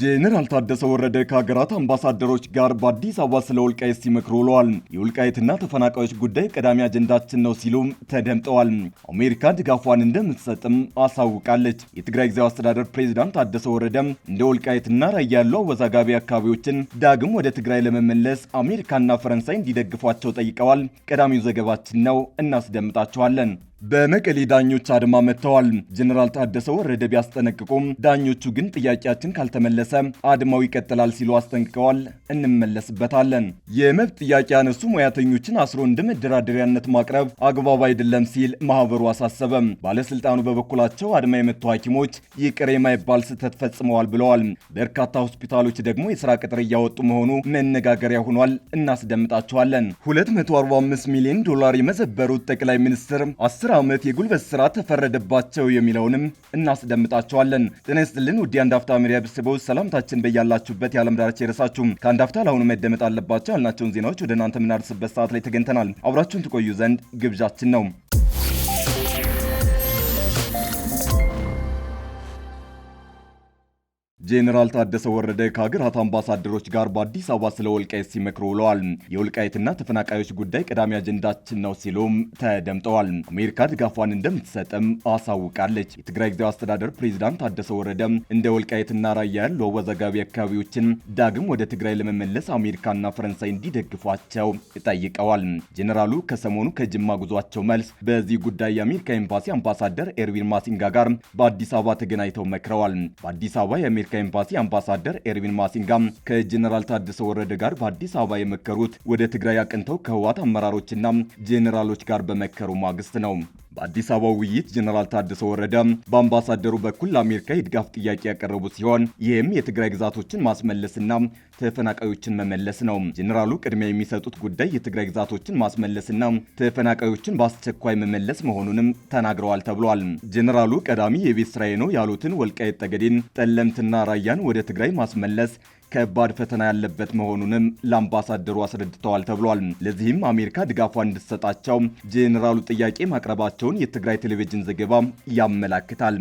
ጄኔራል ታደሰ ወረደ ከሀገራት አምባሳደሮች ጋር በአዲስ አበባ ስለ ወልቃይት ሲመክሩ ውለዋል። የወልቃይትና ተፈናቃዮች ጉዳይ ቀዳሚ አጀንዳችን ነው ሲሉም ተደምጠዋል። አሜሪካ ድጋፏን እንደምትሰጥም አሳውቃለች። የትግራይ ጊዜያዊ አስተዳደር ፕሬዚዳንት ታደሰ ወረደ እንደ ወልቃይትና ራያ ያሉ አወዛጋቢ አካባቢዎችን ዳግም ወደ ትግራይ ለመመለስ አሜሪካና ፈረንሳይ እንዲደግፏቸው ጠይቀዋል። ቀዳሚው ዘገባችን ነው፣ እናስደምጣችኋለን። በመቀሌ ዳኞች አድማ መጥተዋል። ጀኔራል ታደሰ ወረደ ቢያስጠነቅቁም ዳኞቹ ግን ጥያቄያችን ካልተመለሰ አድማው ይቀጥላል ሲሉ አስጠንቅቀዋል። እንመለስበታለን። የመብት ጥያቄ ያነሱ ሙያተኞችን አስሮ እንደ መደራደሪያነት ማቅረብ አግባብ አይደለም ሲል ማህበሩ አሳሰበም። ባለስልጣኑ በበኩላቸው አድማ የመቱ ሐኪሞች ይቅር የማይባል ስህተት ፈጽመዋል ብለዋል። በርካታ ሆስፒታሎች ደግሞ የስራ ቅጥር እያወጡ መሆኑ መነጋገሪያ ሆኗል። እናስደምጣቸዋለን። 245 ሚሊዮን ዶላር የመዘበሩት ጠቅላይ ሚኒስትር 10 ዓመት የጉልበት ስራ ተፈረደባቸው የሚለውንም እናስደምጣቸዋለን። ጤና ይስጥልን ውድ የአንድ አፍታ ሚዲያ ቤተሰቦች ሰላምታችን በያላችሁበት የዓለም ዳርቻ የረሳችሁ ከአንድ አፍታ ለአሁኑ መደመጥ አለባቸው ያልናቸውን ዜናዎች ወደ እናንተ የምናደርስበት ሰዓት ላይ ተገኝተናል። አብራችሁን ትቆዩ ዘንድ ግብዣችን ነው። ጄኔራል ታደሰ ወረደ ከሀገራት አምባሳደሮች ጋር በአዲስ አበባ ስለ ወልቃየት ሲመክሩ ውለዋል። የወልቃየትና ተፈናቃዮች ጉዳይ ቀዳሚ አጀንዳችን ነው ሲሉም ተደምጠዋል። አሜሪካ ድጋፏን እንደምትሰጥም አሳውቃለች። የትግራይ ጊዜያዊ አስተዳደር ፕሬዚዳንት ታደሰ ወረደ እንደ ወልቃየትና ራያ ያሉ አወዛጋቢ አካባቢዎችን ዳግም ወደ ትግራይ ለመመለስ አሜሪካና ፈረንሳይ እንዲደግፏቸው ጠይቀዋል። ጄኔራሉ ከሰሞኑ ከጅማ ጉዟቸው መልስ በዚህ ጉዳይ የአሜሪካ ኤምባሲ አምባሳደር ኤርዊን ማሲንጋ ጋር በአዲስ አበባ ተገናኝተው መክረዋል። በአዲስ አበባ የአሜሪካ ኤምባሲ አምባሳደር ኤርቪን ማሲንጋ ከጀኔራል ታደሰ ወረደ ጋር በአዲስ አበባ የመከሩት ወደ ትግራይ አቅንተው ከህዋት አመራሮችና ጄኔራሎች ጋር በመከሩ ማግስት ነው። በአዲስ አበባ ውይይት ጀነራል ታደሰ ወረደ በአምባሳደሩ በኩል ለአሜሪካ የድጋፍ ጥያቄ ያቀረቡ ሲሆን ይህም የትግራይ ግዛቶችን ማስመለስና ተፈናቃዮችን መመለስ ነው። ጀነራሉ ቅድሚያ የሚሰጡት ጉዳይ የትግራይ ግዛቶችን ማስመለስና ተፈናቃዮችን በአስቸኳይ መመለስ መሆኑንም ተናግረዋል ተብሏል። ጀነራሉ ቀዳሚ የቤት ስራዬ ነው ያሉትን ወልቃይት ጠገዴን፣ ጠለምትና ራያን ወደ ትግራይ ማስመለስ ከባድ ፈተና ያለበት መሆኑንም ለአምባሳደሩ አስረድተዋል ተብሏል። ለዚህም አሜሪካ ድጋፏ እንድትሰጣቸው ጄኔራሉ ጥያቄ ማቅረባቸውን የትግራይ ቴሌቪዥን ዘገባ ያመላክታል።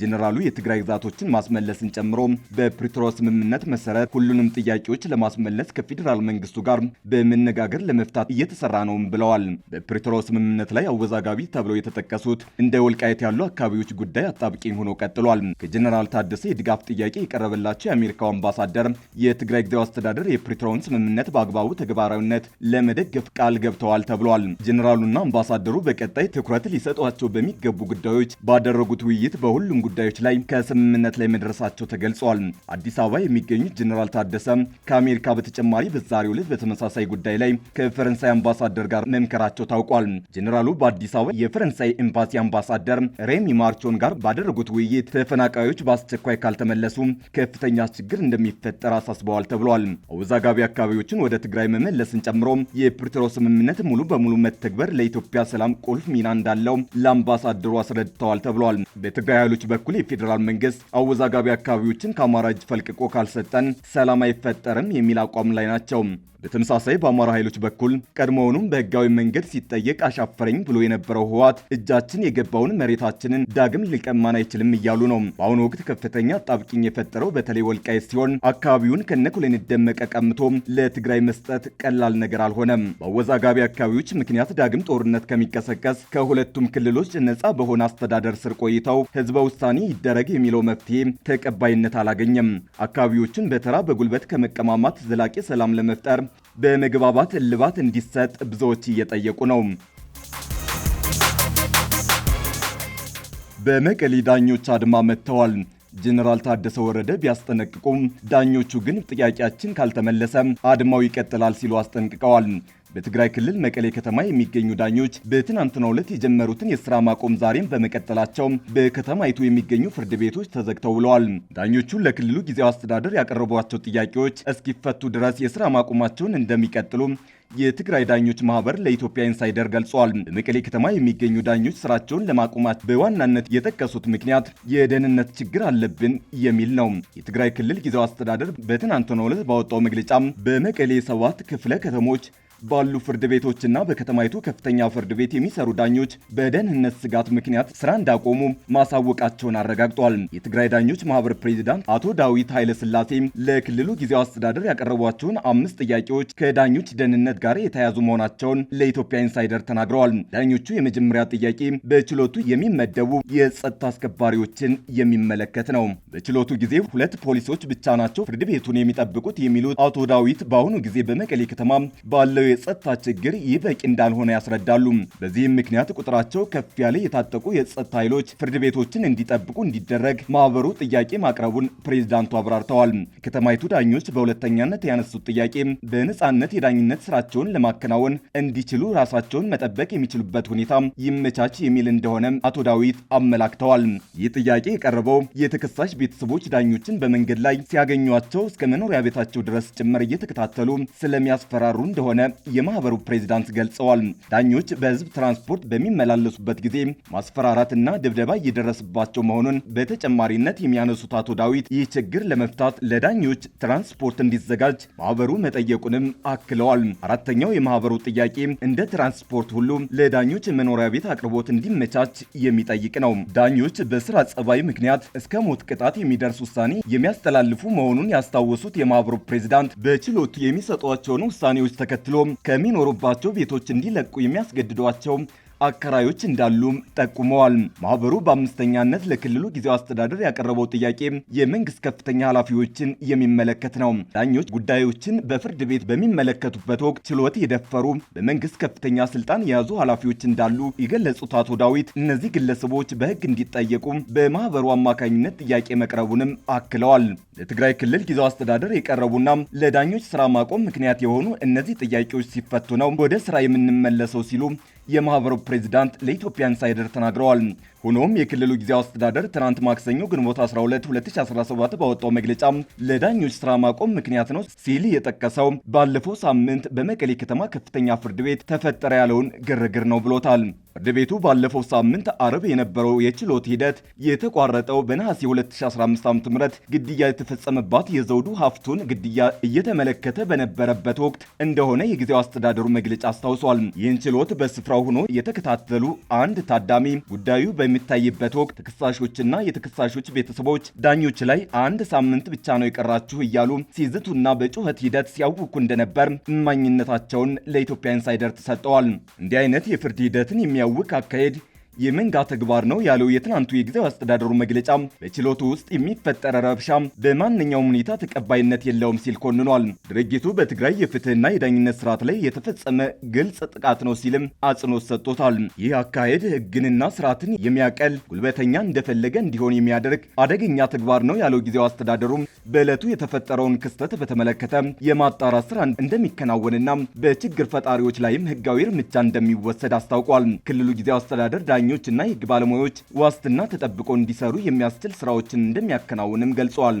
ጄኔራሉ የትግራይ ግዛቶችን ማስመለስን ጨምሮ በፕሪቶሪያ ስምምነት መሰረት ሁሉንም ጥያቄዎች ለማስመለስ ከፌዴራል መንግስቱ ጋር በመነጋገር ለመፍታት እየተሰራ ነውም ብለዋል። በፕሪቶሪያ ስምምነት ላይ አወዛጋቢ ተብለው የተጠቀሱት እንደ ወልቃየት ያሉ አካባቢዎች ጉዳይ አጣብቂኝ ሆኖ ቀጥሏል። ከጄኔራል ታደሰ የድጋፍ ጥያቄ የቀረበላቸው የአሜሪካው አምባሳደር የትግራይ ጊዜያዊ አስተዳደር የፕሪቶሪያውን ስምምነት በአግባቡ ተግባራዊነት ለመደገፍ ቃል ገብተዋል ተብሏል። ጀኔራሉና አምባሳደሩ በቀጣይ ትኩረት ሊሰጧቸው በሚገቡ ጉዳዮች ባደረጉት ውይይት በሁሉም ጉዳዮች ላይ ከስምምነት ላይ መድረሳቸው ተገልጿል። አዲስ አበባ የሚገኙት ጀኔራል ታደሰ ከአሜሪካ በተጨማሪ በዛሬው ዕለት በተመሳሳይ ጉዳይ ላይ ከፈረንሳይ አምባሳደር ጋር መምከራቸው ታውቋል። ጀኔራሉ በአዲስ አበባ የፈረንሳይ ኤምባሲ አምባሳደር ሬሚ ማርቾን ጋር ባደረጉት ውይይት ተፈናቃዮች በአስቸኳይ ካልተመለሱ ከፍተኛ ችግር እንደሚፈጠር አሳስበዋል ተብሏል። አወዛጋቢ አካባቢዎችን ወደ ትግራይ መመለስን ጨምሮ የፕሪቶሪያው ስምምነት ሙሉ በሙሉ መተግበር ለኢትዮጵያ ሰላም ቁልፍ ሚና እንዳለው ለአምባሳደሩ አስረድተዋል ተብሏል። በትግራይ ኃይሎች በኩል የፌዴራል መንግስት አወዛጋቢ አካባቢዎችን ከአማራ እጅ ፈልቅቆ ካልሰጠን ሰላም አይፈጠርም የሚል አቋም ላይ ናቸው። በተመሳሳይ በአማራ ኃይሎች በኩል ቀድሞውኑም በህጋዊ መንገድ ሲጠየቅ አሻፈረኝ ብሎ የነበረው ህወሓት እጃችን የገባውን መሬታችንን ዳግም ሊቀማን አይችልም እያሉ ነው። በአሁኑ ወቅት ከፍተኛ ጣብቅኝ የፈጠረው በተለይ ወልቃይት ሲሆን አካባቢው አካባቢውን ከነኮሎኔል ደመቀ ቀምቶ ለትግራይ መስጠት ቀላል ነገር አልሆነም። በአወዛጋቢ አካባቢዎች ምክንያት ዳግም ጦርነት ከሚቀሰቀስ ከሁለቱም ክልሎች ነጻ በሆነ አስተዳደር ስር ቆይተው ህዝበ ውሳኔ ይደረግ የሚለው መፍትሄ ተቀባይነት አላገኘም። አካባቢዎችን በተራ በጉልበት ከመቀማማት ዘላቂ ሰላም ለመፍጠር በመግባባት እልባት እንዲሰጥ ብዙዎች እየጠየቁ ነው። በመቀሌ ዳኞች አድማ መጥተዋል። ጀኔራል ታደሰ ወረደ ቢያስጠነቅቁም ዳኞቹ ግን ጥያቄያችን ካልተመለሰም አድማው ይቀጥላል ሲሉ አስጠንቅቀዋል። በትግራይ ክልል መቀሌ ከተማ የሚገኙ ዳኞች በትናንትናው ዕለት የጀመሩትን የስራ ማቆም ዛሬም በመቀጠላቸው በከተማይቱ የሚገኙ ፍርድ ቤቶች ተዘግተው ውለዋል። ዳኞቹ ለክልሉ ጊዜያዊ አስተዳደር ያቀረቧቸው ጥያቄዎች እስኪፈቱ ድረስ የስራ ማቆማቸውን እንደሚቀጥሉ የትግራይ ዳኞች ማህበር ለኢትዮጵያ ኢንሳይደር ገልጿል። በመቀሌ ከተማ የሚገኙ ዳኞች ስራቸውን ለማቆማት በዋናነት የጠቀሱት ምክንያት የደህንነት ችግር አለብን የሚል ነው። የትግራይ ክልል ጊዜው አስተዳደር በትናንትናው ዕለት ባወጣው መግለጫም በመቀሌ ሰባት ክፍለ ከተሞች ባሉ ፍርድ ቤቶችና በከተማይቱ ከፍተኛ ፍርድ ቤት የሚሰሩ ዳኞች በደህንነት ስጋት ምክንያት ስራ እንዳቆሙ ማሳወቃቸውን አረጋግጧል። የትግራይ ዳኞች ማህበር ፕሬዚዳንት አቶ ዳዊት ኃይለስላሴም ለክልሉ ጊዜያዊ አስተዳደር ያቀረቧቸውን አምስት ጥያቄዎች ከዳኞች ደህንነት ጋር የተያያዙ መሆናቸውን ለኢትዮጵያ ኢንሳይደር ተናግረዋል። ዳኞቹ የመጀመሪያ ጥያቄ በችሎቱ የሚመደቡ የጸጥታ አስከባሪዎችን የሚመለከት ነው። በችሎቱ ጊዜ ሁለት ፖሊሶች ብቻ ናቸው ፍርድ ቤቱን የሚጠብቁት የሚሉት አቶ ዳዊት በአሁኑ ጊዜ በመቀሌ ከተማ ባለው የጸጥታ ችግር ይህ በቂ እንዳልሆነ ያስረዳሉ። በዚህም ምክንያት ቁጥራቸው ከፍ ያለ የታጠቁ የጸጥታ ኃይሎች ፍርድ ቤቶችን እንዲጠብቁ እንዲደረግ ማህበሩ ጥያቄ ማቅረቡን ፕሬዚዳንቱ አብራርተዋል። ከተማይቱ ዳኞች በሁለተኛነት ያነሱት ጥያቄ በነጻነት የዳኝነት ስራቸውን ለማከናወን እንዲችሉ ራሳቸውን መጠበቅ የሚችሉበት ሁኔታ ይመቻች የሚል እንደሆነ አቶ ዳዊት አመላክተዋል። ይህ ጥያቄ የቀረበው የተከሳሽ ቤተሰቦች ዳኞችን በመንገድ ላይ ሲያገኟቸው እስከ መኖሪያ ቤታቸው ድረስ ጭምር እየተከታተሉ ስለሚያስፈራሩ እንደሆነ የማህበሩ ፕሬዚዳንት ገልጸዋል። ዳኞች በህዝብ ትራንስፖርት በሚመላለሱበት ጊዜ ማስፈራራትና ድብደባ እየደረሰባቸው መሆኑን በተጨማሪነት የሚያነሱት አቶ ዳዊት ይህ ችግር ለመፍታት ለዳኞች ትራንስፖርት እንዲዘጋጅ ማህበሩ መጠየቁንም አክለዋል። አራተኛው የማህበሩ ጥያቄ እንደ ትራንስፖርት ሁሉ ለዳኞች መኖሪያ ቤት አቅርቦት እንዲመቻች የሚጠይቅ ነው። ዳኞች በስራ ጸባይ ምክንያት እስከ ሞት ቅጣት የሚደርስ ውሳኔ የሚያስተላልፉ መሆኑን ያስታወሱት የማህበሩ ፕሬዚዳንት በችሎቱ የሚሰጧቸውን ውሳኔዎች ተከትሎ ከሚኖሩባቸው ቤቶች እንዲለቁ የሚያስገድዷቸው አከራዮች እንዳሉም ጠቁመዋል። ማህበሩ በአምስተኛነት ለክልሉ ጊዜው አስተዳደር ያቀረበው ጥያቄ የመንግስት ከፍተኛ ኃላፊዎችን የሚመለከት ነው። ዳኞች ጉዳዮችን በፍርድ ቤት በሚመለከቱበት ወቅት ችሎት የደፈሩ በመንግስት ከፍተኛ ስልጣን የያዙ ኃላፊዎች እንዳሉ የገለጹት አቶ ዳዊት እነዚህ ግለሰቦች በህግ እንዲጠየቁ በማህበሩ አማካኝነት ጥያቄ መቅረቡንም አክለዋል። ለትግራይ ክልል ጊዜው አስተዳደር የቀረቡና ለዳኞች ስራ ማቆም ምክንያት የሆኑ እነዚህ ጥያቄዎች ሲፈቱ ነው ወደ ስራ የምንመለሰው ሲሉ የማህበሩ ፕሬዚዳንት ለኢትዮጵያ ኢንሳይደር ተናግረዋል። ሆኖም የክልሉ ጊዜያዊ አስተዳደር ትናንት ማክሰኞ ግንቦት 12 2017 ባወጣው መግለጫ ለዳኞች ስራ ማቆም ምክንያት ነው ሲል የጠቀሰው ባለፈው ሳምንት በመቀሌ ከተማ ከፍተኛ ፍርድ ቤት ተፈጠረ ያለውን ግርግር ነው ብሎታል። ፍርድ ቤቱ ባለፈው ሳምንት አርብ የነበረው የችሎት ሂደት የተቋረጠው በነሐሴ 2015 ዓ.ም ግድያ የተፈጸመባት የዘውዱ ሀፍቱን ግድያ እየተመለከተ በነበረበት ወቅት እንደሆነ የጊዜው አስተዳደሩ መግለጫ አስታውሷል። ይህን ችሎት በስፍራው ሆኖ የተከታተሉ አንድ ታዳሚ ጉዳዩ በ በሚታይበት ወቅት ተከሳሾችና የተከሳሾች ቤተሰቦች ዳኞች ላይ አንድ ሳምንት ብቻ ነው የቀራችሁ እያሉ ሲዝቱና በጩኸት ሂደት ሲያውቁ እንደነበር እማኝነታቸውን ለኢትዮጵያ ኢንሳይደር ተሰጠዋል። እንዲህ አይነት የፍርድ ሂደትን የሚያውቅ አካሄድ የመንጋ ተግባር ነው ያለው የትናንቱ የጊዜው አስተዳደሩ መግለጫ በችሎቱ ውስጥ የሚፈጠረ ረብሻ በማንኛውም ሁኔታ ተቀባይነት የለውም ሲል ኮንኗል። ድርጊቱ በትግራይ የፍትህና የዳኝነት ስርዓት ላይ የተፈጸመ ግልጽ ጥቃት ነው ሲልም አጽንኦት ሰጥቶታል። ይህ አካሄድ ህግንና ስርዓትን የሚያቀል ጉልበተኛ እንደፈለገ እንዲሆን የሚያደርግ አደገኛ ተግባር ነው ያለው ጊዜው አስተዳደሩም በዕለቱ የተፈጠረውን ክስተት በተመለከተ የማጣራት ስራ እንደሚከናወንና በችግር ፈጣሪዎች ላይም ህጋዊ እርምጃ እንደሚወሰድ አስታውቋል። ክልሉ ጊዜው አስተዳደር ዳኞችና የህግ ባለሙያዎች ዋስትና ተጠብቆ እንዲሰሩ የሚያስችል ስራዎችን እንደሚያከናውንም ገልጿል።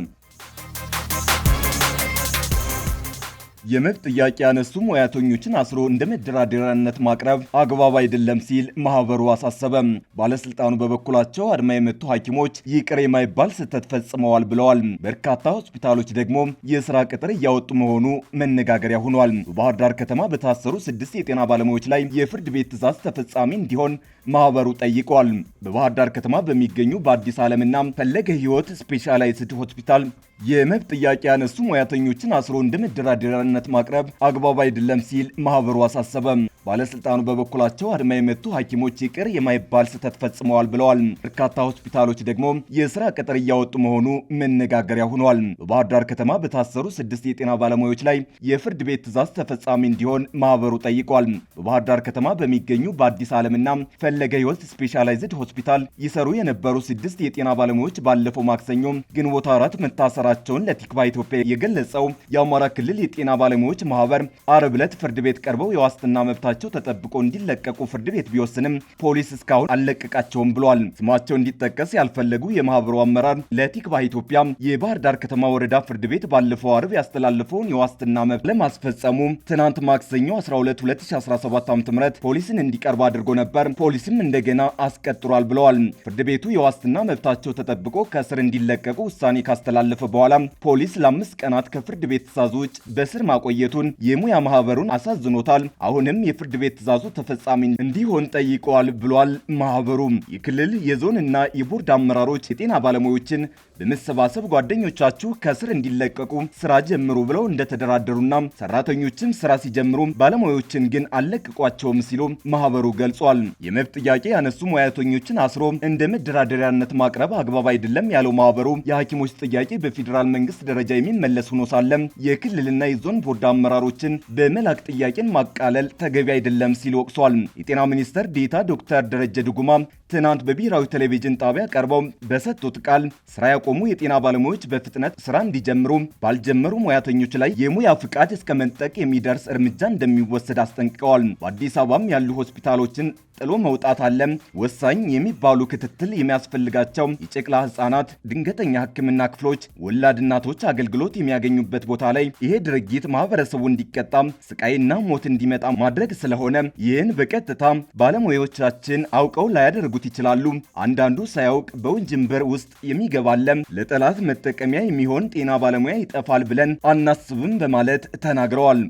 የመብት ጥያቄ ያነሱ ሙያተኞችን አስሮ እንደ መደራደሪያነት ማቅረብ አግባብ አይደለም ሲል ማህበሩ አሳሰበም። ባለስልጣኑ በበኩላቸው አድማ የመቱ ሐኪሞች ይቅር የማይባል ስህተት ፈጽመዋል ብለዋል። በርካታ ሆስፒታሎች ደግሞ የስራ ቅጥር እያወጡ መሆኑ መነጋገሪያ ሆኗል። በባህር ዳር ከተማ በታሰሩ ስድስት የጤና ባለሙያዎች ላይ የፍርድ ቤት ትዕዛዝ ተፈጻሚ እንዲሆን ማህበሩ ጠይቋል። በባህር ዳር ከተማ በሚገኙ በአዲስ ዓለምና ፈለገ ሕይወት ስፔሻላይዝድ ሆስፒታል የመብት ጥያቄ ያነሱ ሙያተኞችን አስሮ እንደ መደራደሪያነት ማቅረብ አግባብ አይደለም ሲል ማህበሩ አሳሰበም። ባለስልጣኑ በበኩላቸው አድማ የመቱ ሐኪሞች ይቅር የማይባል ስህተት ፈጽመዋል ብለዋል። በርካታ ሆስፒታሎች ደግሞ የስራ ቅጥር እያወጡ መሆኑ መነጋገሪያ ሆኗል። በባህር ዳር ከተማ በታሰሩ ስድስት የጤና ባለሙያዎች ላይ የፍርድ ቤት ትዕዛዝ ተፈጻሚ እንዲሆን ማህበሩ ጠይቋል። በባህር ዳር ከተማ በሚገኙ በአዲስ ዓለምና ፈለገ ሕይወት ስፔሻላይዝድ ሆስፒታል ይሰሩ የነበሩ ስድስት የጤና ባለሙያዎች ባለፈው ማክሰኞ ግንቦት አራት መታሰራቸውን ለቲክባ ኢትዮጵያ የገለጸው የአማራ ክልል የጤና ባለሙያዎች ማህበር አርብ ዕለት ፍርድ ቤት ቀርበው የዋስትና መብታ ስማቸው ተጠብቆ እንዲለቀቁ ፍርድ ቤት ቢወስንም ፖሊስ እስካሁን አልለቀቃቸውም ብሏል። ስማቸው እንዲጠቀስ ያልፈለጉ የማህበሩ አመራር ለቲክባህ ኢትዮጵያ የባህር ዳር ከተማ ወረዳ ፍርድ ቤት ባለፈው አርብ ያስተላለፈውን የዋስትና መብት ለማስፈጸሙ ትናንት ማክሰኞ 12 2017 ዓ.ም ፖሊስን እንዲቀርብ አድርጎ ነበር። ፖሊስም እንደገና አስቀጥሯል ብለዋል። ፍርድ ቤቱ የዋስትና መብታቸው ተጠብቆ ከእስር እንዲለቀቁ ውሳኔ ካስተላለፈ በኋላ ፖሊስ ለአምስት ቀናት ከፍርድ ቤት ትዕዛዝ ውጭ በእስር ማቆየቱን የሙያ ማህበሩን አሳዝኖታል። አሁንም የፍርድ ቤት ትዕዛዙ ተፈጻሚ እንዲሆን ጠይቀዋል ብሏል። ማህበሩም የክልል የዞንና የቦርድ አመራሮች የጤና ባለሙያዎችን በመሰባሰብ ጓደኞቻችሁ ከስር እንዲለቀቁ ስራ ጀምሩ ብለው እንደተደራደሩና ሰራተኞችም ስራ ሲጀምሩ ባለሙያዎችን ግን አልለቅቋቸውም ሲሉ ማህበሩ ገልጿል። የመብት ጥያቄ ያነሱ ሙያተኞችን አስሮ እንደ መደራደሪያነት ማቅረብ አግባብ አይደለም ያለው ማህበሩ የሐኪሞች ጥያቄ በፌዴራል መንግስት ደረጃ የሚመለስ ሆኖ ሳለም የክልልና የዞን ቦርድ አመራሮችን በመላክ ጥያቄን ማቃለል ተገቢ አይደለም ሲል ወቅሷል። የጤና ሚኒስትር ዴታ ዶክተር ደረጀ ድጉማ ትናንት በብሔራዊ ቴሌቪዥን ጣቢያ ቀርበው በሰጡት ቃል ስራ ያቆሙ የጤና ባለሙያዎች በፍጥነት ስራ እንዲጀምሩ ባልጀመሩ ሙያተኞች ላይ የሙያ ፍቃድ እስከ መንጠቅ የሚደርስ እርምጃ እንደሚወሰድ አስጠንቅቀዋል። በአዲስ አበባም ያሉ ሆስፒታሎችን ጥሎ መውጣት አለ። ወሳኝ የሚባሉ ክትትል የሚያስፈልጋቸው የጨቅላ ህጻናት፣ ድንገተኛ ሕክምና ክፍሎች፣ ወላድ እናቶች አገልግሎት የሚያገኙበት ቦታ ላይ ይሄ ድርጊት ማህበረሰቡ እንዲቀጣ ስቃይና ሞት እንዲመጣ ማድረግ ስለሆነ ይህን በቀጥታ ባለሙያዎቻችን አውቀው ላያደርጉት ይችላሉ። አንዳንዱ ሳያውቅ በውጅንብር ውስጥ የሚገባለም ለጠላት መጠቀሚያ የሚሆን ጤና ባለሙያ ይጠፋል ብለን አናስብም በማለት ተናግረዋል።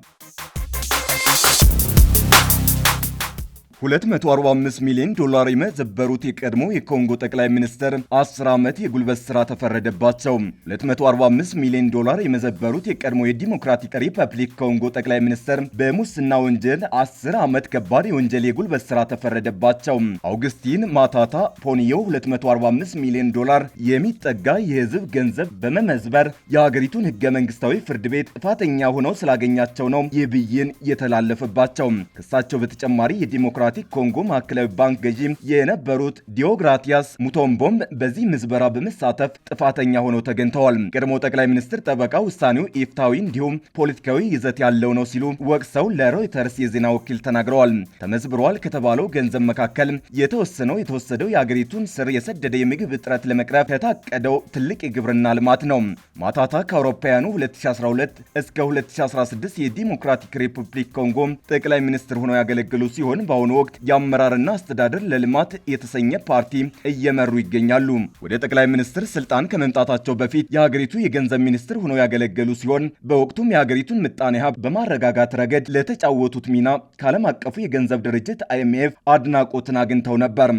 245 ሚሊዮን ዶላር የመዘበሩት የቀድሞ የኮንጎ ጠቅላይ ሚኒስትር 10 ዓመት የጉልበት ስራ ተፈረደባቸው። 245 ሚሊዮን ዶላር የመዘበሩት የቀድሞ የዲሞክራቲክ ሪፐብሊክ ኮንጎ ጠቅላይ ሚኒስትር በሙስና ወንጀል 10 ዓመት ከባድ የወንጀል የጉልበት ስራ ተፈረደባቸው። አውግስቲን ማታታ ፖኒዮ 245 ሚሊዮን ዶላር የሚጠጋ የህዝብ ገንዘብ በመመዝበር የሀገሪቱን ህገ መንግስታዊ ፍርድ ቤት ጥፋተኛ ሆነው ስላገኛቸው ነው ይህ ብይን የተላለፈባቸው። ክሳቸው በተጨማሪ የዲሞክራ ዲሞክራቲክ ኮንጎ ማዕከላዊ ባንክ ገዢ የነበሩት ዲዮግራቲያስ ሙቶምቦም በዚህ ምዝበራ በመሳተፍ ጥፋተኛ ሆነው ተገኝተዋል። ቀድሞ ጠቅላይ ሚኒስትር ጠበቃ ውሳኔው ኢፍታዊ እንዲሁም ፖለቲካዊ ይዘት ያለው ነው ሲሉ ወቅሰው ለሮይተርስ የዜና ወኪል ተናግረዋል። ተመዝብሯል ከተባለው ገንዘብ መካከል የተወሰነው የተወሰደው የአገሪቱን ስር የሰደደ የምግብ እጥረት ለመቅረፍ የታቀደው ትልቅ የግብርና ልማት ነው። ማታታ ከአውሮፓውያኑ 2012 እስከ 2016 የዲሞክራቲክ ሪፑብሊክ ኮንጎ ጠቅላይ ሚኒስትር ሆነው ያገለግሉ ሲሆን በአሁኑ ወቅት የአመራርና አስተዳደር ለልማት የተሰኘ ፓርቲ እየመሩ ይገኛሉ። ወደ ጠቅላይ ሚኒስትር ስልጣን ከመምጣታቸው በፊት የሀገሪቱ የገንዘብ ሚኒስትር ሆነው ያገለገሉ ሲሆን በወቅቱም የሀገሪቱን ምጣኔ ሀብት በማረጋጋት ረገድ ለተጫወቱት ሚና ከዓለም አቀፉ የገንዘብ ድርጅት አይኤምኤፍ አድናቆትን አግኝተው ነበር።